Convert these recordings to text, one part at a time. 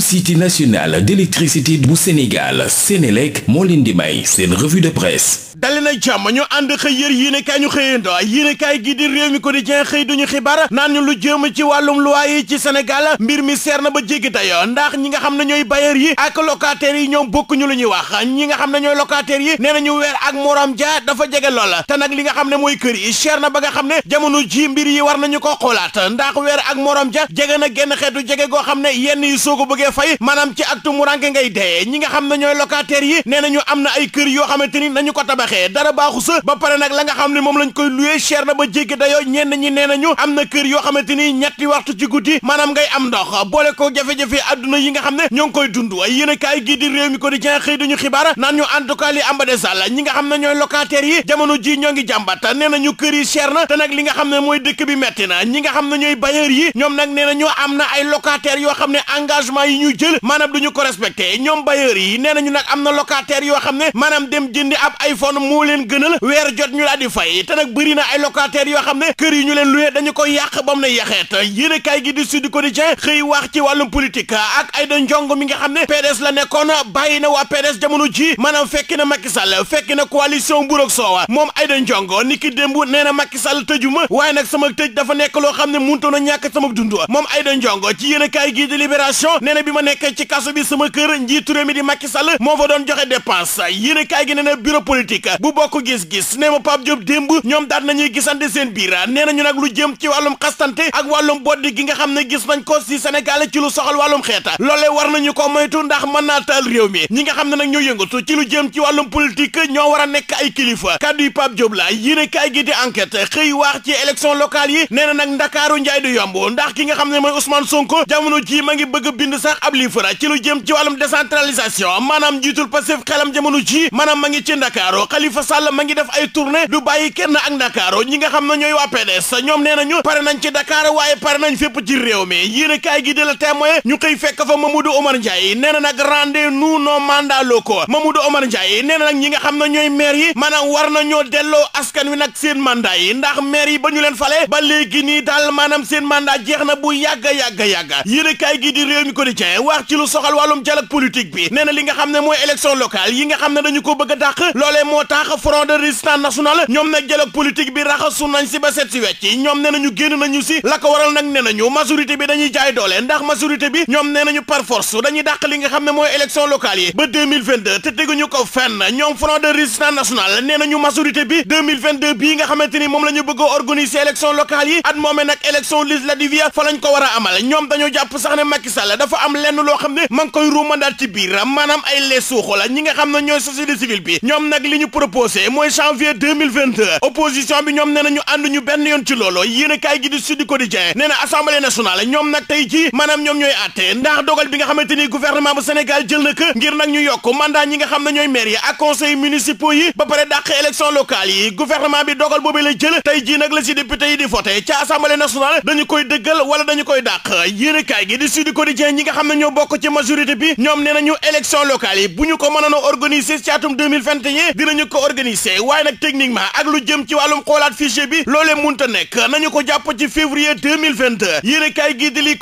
société nationale d'électricité bu Sénégal Sénélec moo leen di may seen revue de presse dali na jàmm ñu ànd xëy yër yéenekaay ñu xëyando yéenekaay gi di réew mi quotidien xëy duñu xibaar naan ñu lu jëm ci wàllum loi yi ci Sénégal mbir mi seer na ba jéggi dayo ndax ñi nga xam ne ñooy bailleur yi ak locataires yi ñoom bokkuñu lu ñuy wax ñi nga xam na ñooy locataires yi nee nañu weer ak morom ja dafa jege lool te nag li nga xam ne mooy kër yi seer na ba nga xam ne ji yi war ko xoolaat ndax weer ak morom ja jege na genn xeetu jege mujjee fay maanaam ci ak tumuranke ngay dee ñi nga xam ne ñooy locataires yi nee nañu am na ay kër yoo xamante ni nañu ko tabaxee dara baaxu ba pare nag la nga xam ne moom lañ koy loué cher na ba jéggi dayoo ñenn ñi nee nañu am na kër yoo xamante ni ñetti waxtu ci guddi maanaam ngay am ndox boole ko jafe-jafe yi nga xam ne ñoo ngi koy dund yéen a kaay gii di réew mi ko di jeex ñu en tout cas li ñi nga xam ne ñooy locataires ji ñoo ngi jàmbat nee nañu kër yi cher na te nag li nga xam ne mooy dëkk bi metti na ñi nga xam ne ñooy bailleurs yi ñoom nag nee nañu am na ay locataires yoo xam ne engagement yi ñu jël maanaam du ñu ko respecté ñoom bailleurs yi nee nañu nag am na locataire yoo xam ne maanaam dem jëndi ab iPhone moo leen gënal weer jot ñu laa di fay te nag bëri na ay locataire yoo xam ne kër yi ñu leen luyee dañu ko yàq ba mu ne yaxeet yéene kaay gi di Sud Quotidien xëy wax ci wàllum politique ak Aïda Ndiongue mi nga xam ne PDS la nekkoon bàyyi na waa PDS jamono ji maanaam fekki na Macky Sall fekki na coalition Mbuur ak Soow moom Aïda Ndiongue ni ki démb nee na Macky Sall tëjuma waaye nag sama tëj dafa nekk loo xam ne mënutoon a ñàkk sama dund moom Aïda Ndiongue ci yéene kaay gi di Libération na bi ma nekkee ci kaso bi sama kër njiitu réew mi di Macky Sall moo fa doon joxe dépense yéen a kaay gi nee na bureau politique bu bokk gis-gis nee ma Pape Diop démb ñoom daal nañuy gisante seen biir nee nañu nag lu jëm ci wàllum xastante ak wàllum boddi gi nga xam ne gis nañ ko si senegal ci lu soxal wàllum xeeta loolee war nañu ko moytu ndax mën naa taal réew mi ñi nga xam ne nag ñoo yëngatu ci lu jëm ci wàllum politique ñoo war a nekk ay kilifa kàddu yi Pape Diop la kaay gi di enquête xëy wax ci élection locale yi nee na nag Ndakaaru njaay du ndax ki nga xam ne mooy Ousmane Sonko jamono ji ma ngi bëgg bind sax ab liifara ci lu jëm ci wàllum décentralisation maanaam njiitul Pastef xelam jamono ci maanaam ma ngi ci Ndakaaru Khalifa Sall ma ngi def ay tournée du bàyyi kenn ak Ndakaaru ñi nga xam na ñooy waa PDS ñoom nee nañu pare nañ ci Dakar waaye pare nañ fépp ci réew mi yéen kaay gi de la témoin ñu koy fekk fa Mamadou Omar Ndiaye nee na nag rendez-nous nos mandats locaux Mamadou Omar Ndiaye nee na ñi nga xam ne ñooy maire yi maanaam war na ñoo delloo askan wi nag seen mandat yi ndax maire yi ba ñu leen fale ba léegi nii daal maanaam seen mandat jeex na bu yàgg yàgg yàgg yéen kaay gi di réew mi ko quotidien wax ci lu soxal wàllum dialogue politique bi nee na li nga xam ne mooy élection locale yi nga xam ne dañu ko bëgg a dàq loolee moo tax front de résistance nationale ñoom nag dialogue politique bi raxasu nañ si ba set si wecc ñoom nee nañu génn nañu si la ko waral nag nee nañu majorité bi dañuy jaay doole ndax majorité bi ñoom nee nañu par dañuy dàq li nga xam ne mooy élection locale yi ba 2022 te teguñu ko fenn ñoom front de résistance nationale nee ni moom la ñu bëgg a organiser élection locale yi at moomee a amal ñoom dañoo jàpp sax ne am lenn loo xam ne ma ngi koy ruumandaat ci biir maanaam ay les suuxu ñi nga xam ne ñooy société civile bi ñoom nag li ñu proposé mooy janvier 2022 opposition bi ñoom nee na ñu ànd ñu benn yoon ci loolu yéen a kaay gi di Sud Quotidien nee na assemblée nationale ñoom nag tey jii maanaam ñoom ñooy àtte ndax dogal bi nga xamante ni gouvernement bu Sénégal jël na ko ngir nag ñu yokk mandat ñi nga xam ne ñooy maire yi ak conseil municipaux yi ba pare dàq élection locale dogal boobu la jël tey jii nag la ci député yi di voté ci assemblée nationale dañu koy dëggal koy dàq yéen a kaay gi di xam ne ñoo bokk ci majorité bi ñoom nee nañu élection locale yi bu ñu ko mënoon a organiser ci atum 2021 dinañu ko organiser waaye nag techniquement ak lu jëm ci wàllum xoolaat fichier bi loolee munta nekk nañu ko jàpp ci février 2022 yéen kay gii di li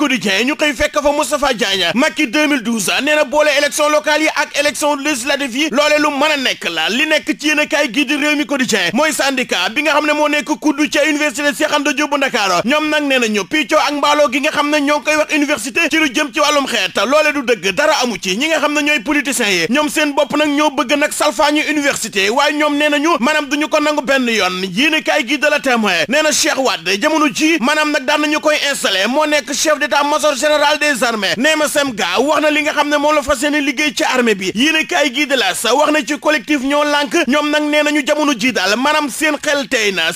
ñu koy fekk fa Moustapha Diagne Macky 2012 nee na boole élection locale yi ak élection législative yi loolee lu mën a nekk la li nekk ci yéen kay gii réew mi quotidien mooy syndicat bi nga xam ne moo nekk kuddu ci université Cheikh Anta Diop bu Ndakaaru ñoom nag nee ne ñoo ngi koy wax université ci jëm ci am xeet loole du dëgg dara amu ci ñi nga xam ne ñooy politiciens yi ñoom seen bopp nag ñoo bëgg nag salfaañu université waaye ñoom nee nañu maanaam duñu ko nangu benn yoon yéen kaay gi de la témoin nee na Cheikh Wade jamono ji maanaam nag daan nañu koy installé moo nekk chef d'état-major général des armées nee ma sem ga wax na li nga xam ne moom la liggéey ci armée bi yéen kaay gi de sa wax na ci collectif ñoo lànk ñoom na seen xel tey na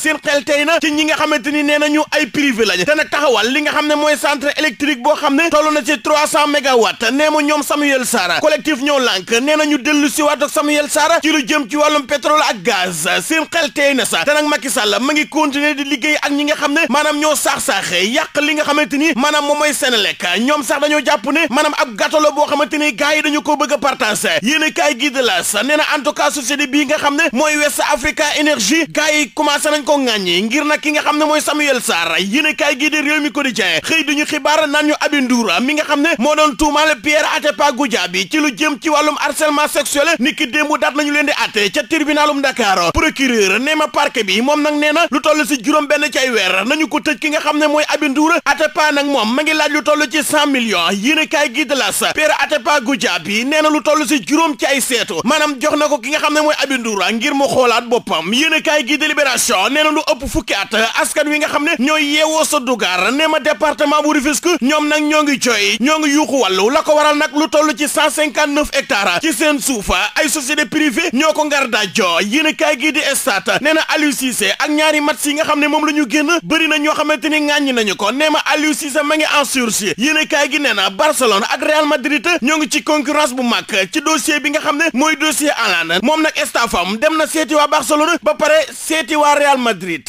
cent mégawatt nee ma ñoom Samuel Sarr collectif ñoo lànk nee na ñu dellu si waat ak Samuel Sarr ci lu jëm ci wàllum pétrole ak gaz seen xel tey na sa te nag Macky Sall ma ngi continuer di liggéey ak ñi nga xam ne maanaam ñoo saax-saaxe yàq li nga xamante ni maanaam moom mooy Senelec ñoom sax dañoo jàpp ne maanaam ak gâteau la boo xamante ni gars yi dañu ko bëgg a partager yéen a kaay gi la sa nee na en tout cas société bii nga xam ne mooy West Africa Energy gars yi commencé nañ ko ŋàññi ngir nag ki nga xam ne mooy Samuel a kaay gi de mi quotidien xëy duñu xibaar naan ñu Abi Ndour mi nga xam ne moo doon tuumaale Pierre Atepa bi ci lu jëm ci wàllum harcèlement sexuel ni ki démb daat nañu leen di atte ca tribunalum Dakar procureur nee ma parquet bi moom nag nee na lu toll si juróom benn ci ay weer nañu ko tëj ki nga xam ne mooy Aby Ndour Atepa nag moom ma ngi laaj lu toll ci cent millions yéen a kaay gi de las Pierre Atepa Goudiaby nee na lu toll si juróom ci ay seetu maanaam jox na ko ki nga xam ne mooy Aby Ndour ngir mu bop boppam yéen a kaay gi de Libération nee na lu ëpp fukki at askan wi nga xam ne ñooy yeewoo sa dugaar nee ma département bu Rufisque ñoom nag ñoo ngi jooy ñoo yuuxu wàllu la ko waral nag lu toll ci 159 hectares ci seen suufa ay société privée ñoo ko ngar daajoo yéen gii di Stades nee na Aliou Cissé ak ñaari mat yi nga xam ne moom la ñu génn bëri na ñoo xamante ni ñi nañu ko nee ma Aliou ma ngi en sursis yéen a kaay gi nee na Barcelone ak Real Madrid ñoo ngi ci concurrence bu mag ci dossier bi nga xam ne mooy dossier Haaland moom nag staffam dem na seeti waa Barcelone ba pare seeti waa Real Madrid